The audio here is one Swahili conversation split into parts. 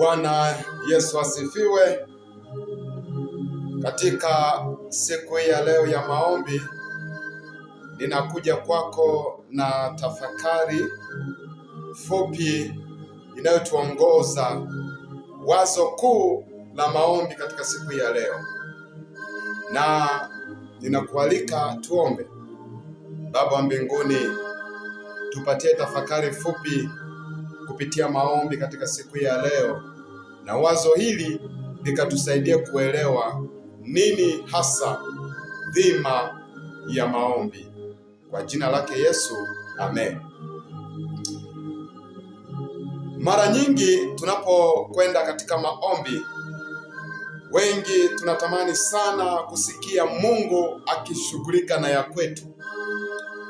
Bwana Yesu asifiwe. Katika siku hii ya leo ya maombi, ninakuja kwako na tafakari fupi inayotuongoza wazo kuu la maombi katika siku hii ya leo, na ninakualika tuombe. Baba wa mbinguni, tupatie tafakari fupi kupitia maombi katika siku hii ya leo na wazo hili likatusaidia kuelewa nini hasa dhima ya maombi. Kwa jina lake Yesu, amen. Mara nyingi tunapokwenda katika maombi, wengi tunatamani sana kusikia Mungu akishughulika na ya kwetu,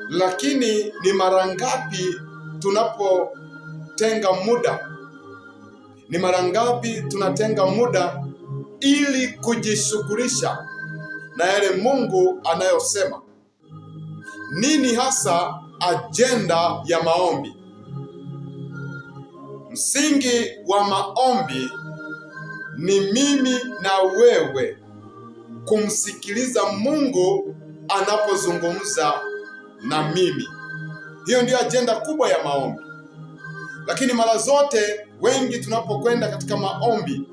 lakini ni mara ngapi tunapotenga muda ni mara ngapi tunatenga muda ili kujishughulisha na yale Mungu anayosema? Nini hasa ajenda ya maombi? Msingi wa maombi ni mimi na wewe kumsikiliza Mungu anapozungumza na mimi. Hiyo ndiyo ajenda kubwa ya maombi. Lakini mara zote wengi tunapokwenda katika maombi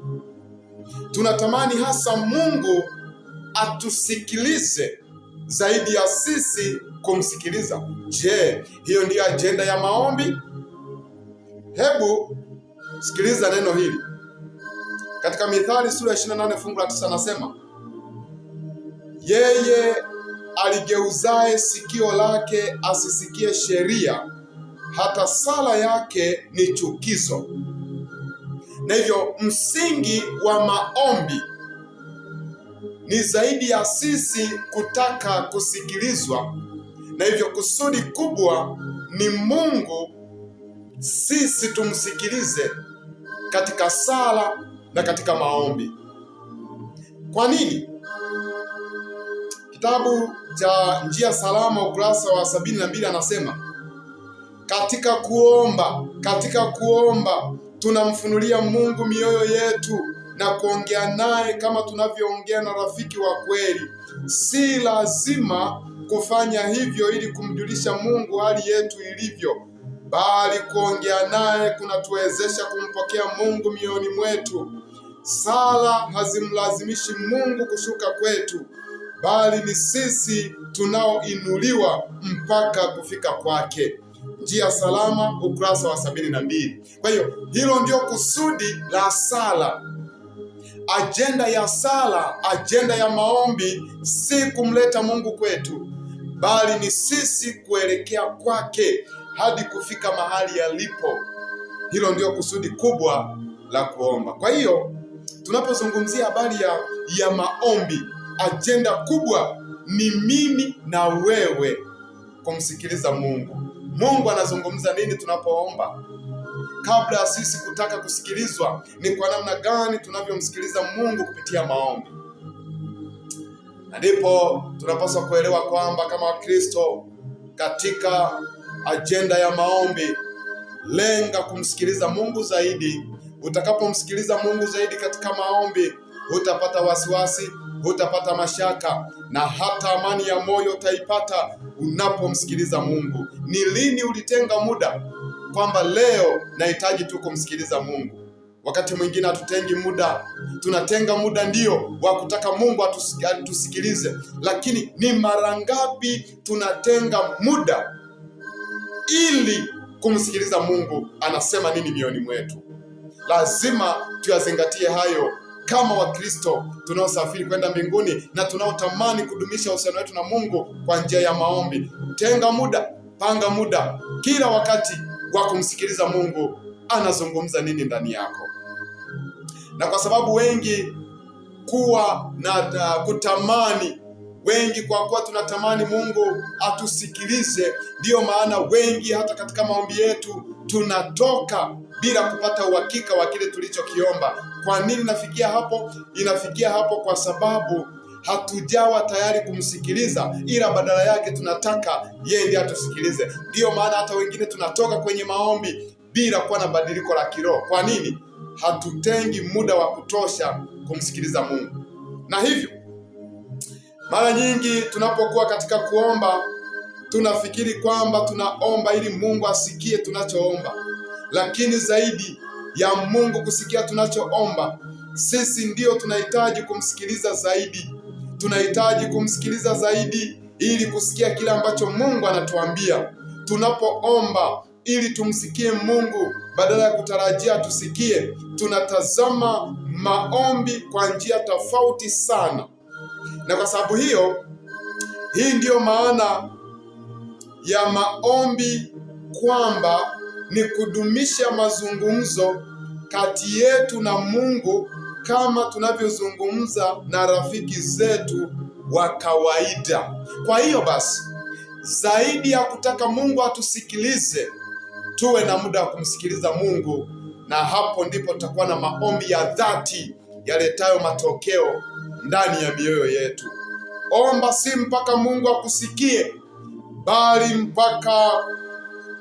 tunatamani hasa Mungu atusikilize zaidi ya sisi kumsikiliza. Je, hiyo ndiyo ajenda ya maombi? Hebu sikiliza neno hili katika Mithali sura ya 28 fungu la 9, anasema yeye aligeuzaye sikio lake asisikie sheria, hata sala yake ni chukizo. Na hivyo msingi wa maombi ni zaidi ya sisi kutaka kusikilizwa, na hivyo kusudi kubwa ni Mungu sisi tumsikilize katika sala na katika maombi. Kwa nini? Kitabu cha Njia Salama ukurasa wa sabini na mbili anasema katika kuomba, katika kuomba tunamfunulia Mungu mioyo yetu na kuongea naye kama tunavyoongea na rafiki wa kweli. Si lazima kufanya hivyo ili kumjulisha Mungu hali yetu ilivyo, bali kuongea naye kunatuwezesha kumpokea Mungu mioyoni mwetu. Sala hazimlazimishi Mungu kushuka kwetu, bali ni sisi tunaoinuliwa mpaka kufika kwake njia salama, ukurasa wa sabini na mbili. Kwa hiyo hilo ndio kusudi la sala. Ajenda ya sala, ajenda ya maombi si kumleta Mungu kwetu, bali ni sisi kuelekea kwake hadi kufika mahali yalipo. Hilo ndio kusudi kubwa la kuomba. Kwa hiyo tunapozungumzia habari ya, ya maombi, ajenda kubwa ni mimi na wewe kumsikiliza Mungu. Mungu anazungumza nini tunapoomba? Kabla ya sisi kutaka kusikilizwa, ni kwa namna gani tunavyomsikiliza Mungu kupitia maombi. Na ndipo tunapaswa kuelewa kwamba kama Wakristo, katika ajenda ya maombi, lenga kumsikiliza Mungu zaidi. Utakapomsikiliza Mungu zaidi katika maombi, utapata wasiwasi hutapata mashaka na hata amani ya moyo utaipata unapomsikiliza Mungu. Ni lini ulitenga muda kwamba leo nahitaji tu kumsikiliza Mungu? Wakati mwingine hatutengi muda, tunatenga muda ndio wa kutaka Mungu atusikilize, lakini ni mara ngapi tunatenga muda ili kumsikiliza Mungu anasema nini mioyoni mwetu? Lazima tuyazingatie hayo kama Wakristo tunaosafiri kwenda mbinguni na tunaotamani kudumisha uhusiano wetu na Mungu kwa njia ya maombi. Tenga muda, panga muda kila wakati wa kumsikiliza Mungu anazungumza nini ndani yako. Na kwa sababu wengi kuwa na uh, kutamani wengi kwa kuwa tunatamani Mungu atusikilize, ndiyo maana wengi hata katika maombi yetu tunatoka bila kupata uhakika wa kile tulichokiomba. Kwa nini nafikia hapo? Inafikia hapo kwa sababu hatujawa tayari kumsikiliza, ila badala yake tunataka yeye ndiye atusikilize. Ndiyo maana hata wengine tunatoka kwenye maombi bila kuwa na badiliko la kiroho. Kwa nini? Hatutengi muda wa kutosha kumsikiliza Mungu, na hivyo mara nyingi tunapokuwa katika kuomba tunafikiri kwamba tunaomba ili Mungu asikie tunachoomba, lakini zaidi ya Mungu kusikia tunachoomba. Sisi ndiyo tunahitaji kumsikiliza zaidi, tunahitaji kumsikiliza zaidi ili kusikia kile ambacho Mungu anatuambia tunapoomba, ili tumsikie Mungu badala ya kutarajia tusikie. Tunatazama maombi kwa njia tofauti sana, na kwa sababu hiyo, hii ndiyo maana ya maombi kwamba ni kudumisha mazungumzo kati yetu na Mungu kama tunavyozungumza na rafiki zetu wa kawaida. Kwa hiyo basi, zaidi ya kutaka Mungu atusikilize, tuwe na muda wa kumsikiliza Mungu, na hapo ndipo tutakuwa na maombi ya dhati yaletayo matokeo ndani ya mioyo yetu. Omba si mpaka Mungu akusikie, bali mpaka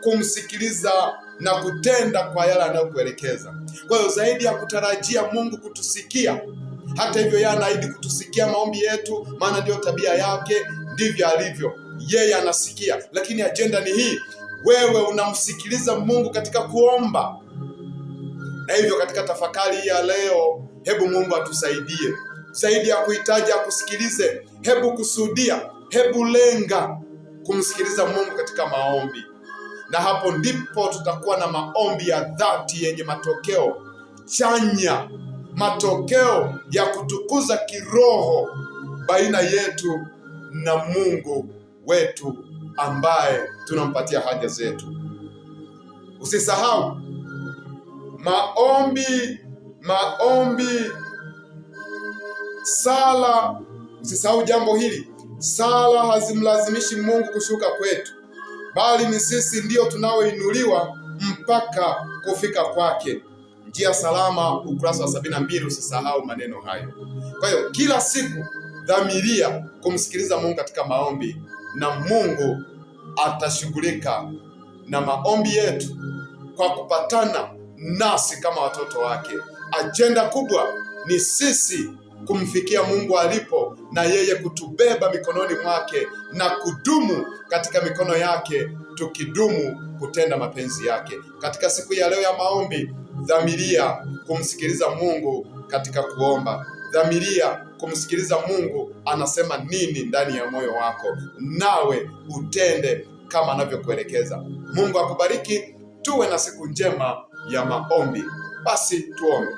kumsikiliza na kutenda kwa yale anayokuelekeza. Kwa hiyo zaidi ya kutarajia Mungu kutusikia, hata hivyo yeye anaahidi kutusikia maombi yetu, maana ndiyo tabia yake, ndivyo alivyo yeye, anasikia. Lakini ajenda ni hii, wewe unamsikiliza Mungu katika kuomba. Na hivyo katika tafakari hii ya leo, hebu Mungu atusaidie zaidi ya kuhitaji akusikilize, hebu kusudia, hebu lenga kumsikiliza Mungu katika maombi na hapo ndipo tutakuwa na maombi ya dhati yenye matokeo chanya, matokeo ya kutukuza kiroho baina yetu na Mungu wetu ambaye tunampatia haja zetu. Usisahau maombi, maombi, sala. Usisahau jambo hili, sala hazimlazimishi Mungu kushuka kwetu bali ni sisi ndiyo tunaoinuliwa mpaka kufika kwake. Njia Salama, ukurasa wa sabini na mbili. Usisahau maneno hayo. Kwa hiyo kila siku dhamiria kumsikiliza Mungu katika maombi, na Mungu atashughulika na maombi yetu kwa kupatana nasi kama watoto wake. Ajenda kubwa ni sisi kumfikia Mungu alipo na yeye kutubeba mikononi mwake na kudumu katika mikono yake, tukidumu kutenda mapenzi yake. Katika siku ya leo ya maombi, dhamiria kumsikiliza Mungu katika kuomba. Dhamiria kumsikiliza Mungu anasema nini ndani ya moyo wako, nawe utende kama anavyokuelekeza. Mungu akubariki. Tuwe na siku njema ya maombi. Basi tuombe.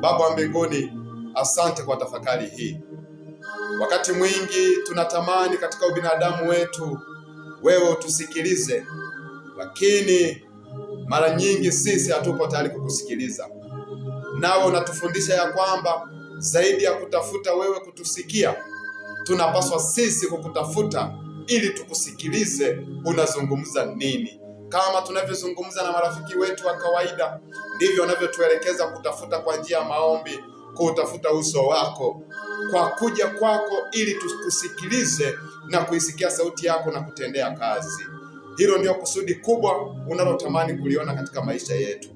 Baba wa mbinguni Asante kwa tafakari hii. Wakati mwingi tunatamani katika ubinadamu wetu wewe utusikilize, lakini mara nyingi sisi hatupo tayari kukusikiliza. Nawe unatufundisha ya kwamba zaidi ya kutafuta wewe kutusikia, tunapaswa sisi kukutafuta ili tukusikilize. Unazungumza nini? Kama tunavyozungumza na marafiki wetu wa kawaida, ndivyo wanavyotuelekeza kutafuta kwa njia ya maombi kwa utafuta uso wako, kwa kuja kwako ili tukusikilize na kuisikia sauti yako na kutendea kazi. Hilo ndio kusudi kubwa unalotamani kuliona katika maisha yetu.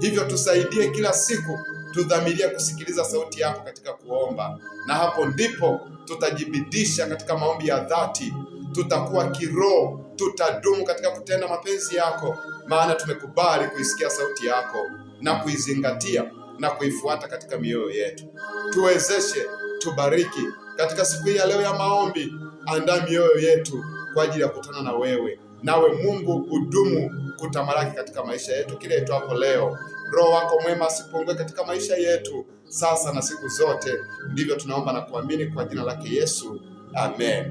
Hivyo tusaidie kila siku, tudhamirie kusikiliza sauti yako katika kuomba, na hapo ndipo tutajibidisha katika maombi ya dhati, tutakuwa kiroho, tutadumu katika kutenda mapenzi yako, maana tumekubali kuisikia sauti yako na kuizingatia na kuifuata katika mioyo yetu. Tuwezeshe, tubariki katika siku hii ya leo ya maombi. Andaa mioyo yetu kwa ajili ya kutana na wewe, nawe Mungu udumu kutamalaki katika maisha yetu kile itwapo leo. Roho wako mwema asipungue katika maisha yetu sasa na siku zote. Ndivyo tunaomba na kuamini kwa jina lake Yesu, amen.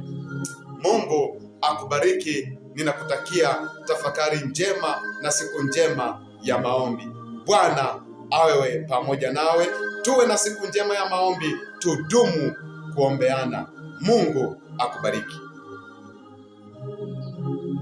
Mungu akubariki. Ninakutakia tafakari njema na siku njema ya maombi. Bwana awewe pamoja nawe. Tuwe na siku njema ya maombi, tudumu kuombeana. Mungu akubariki.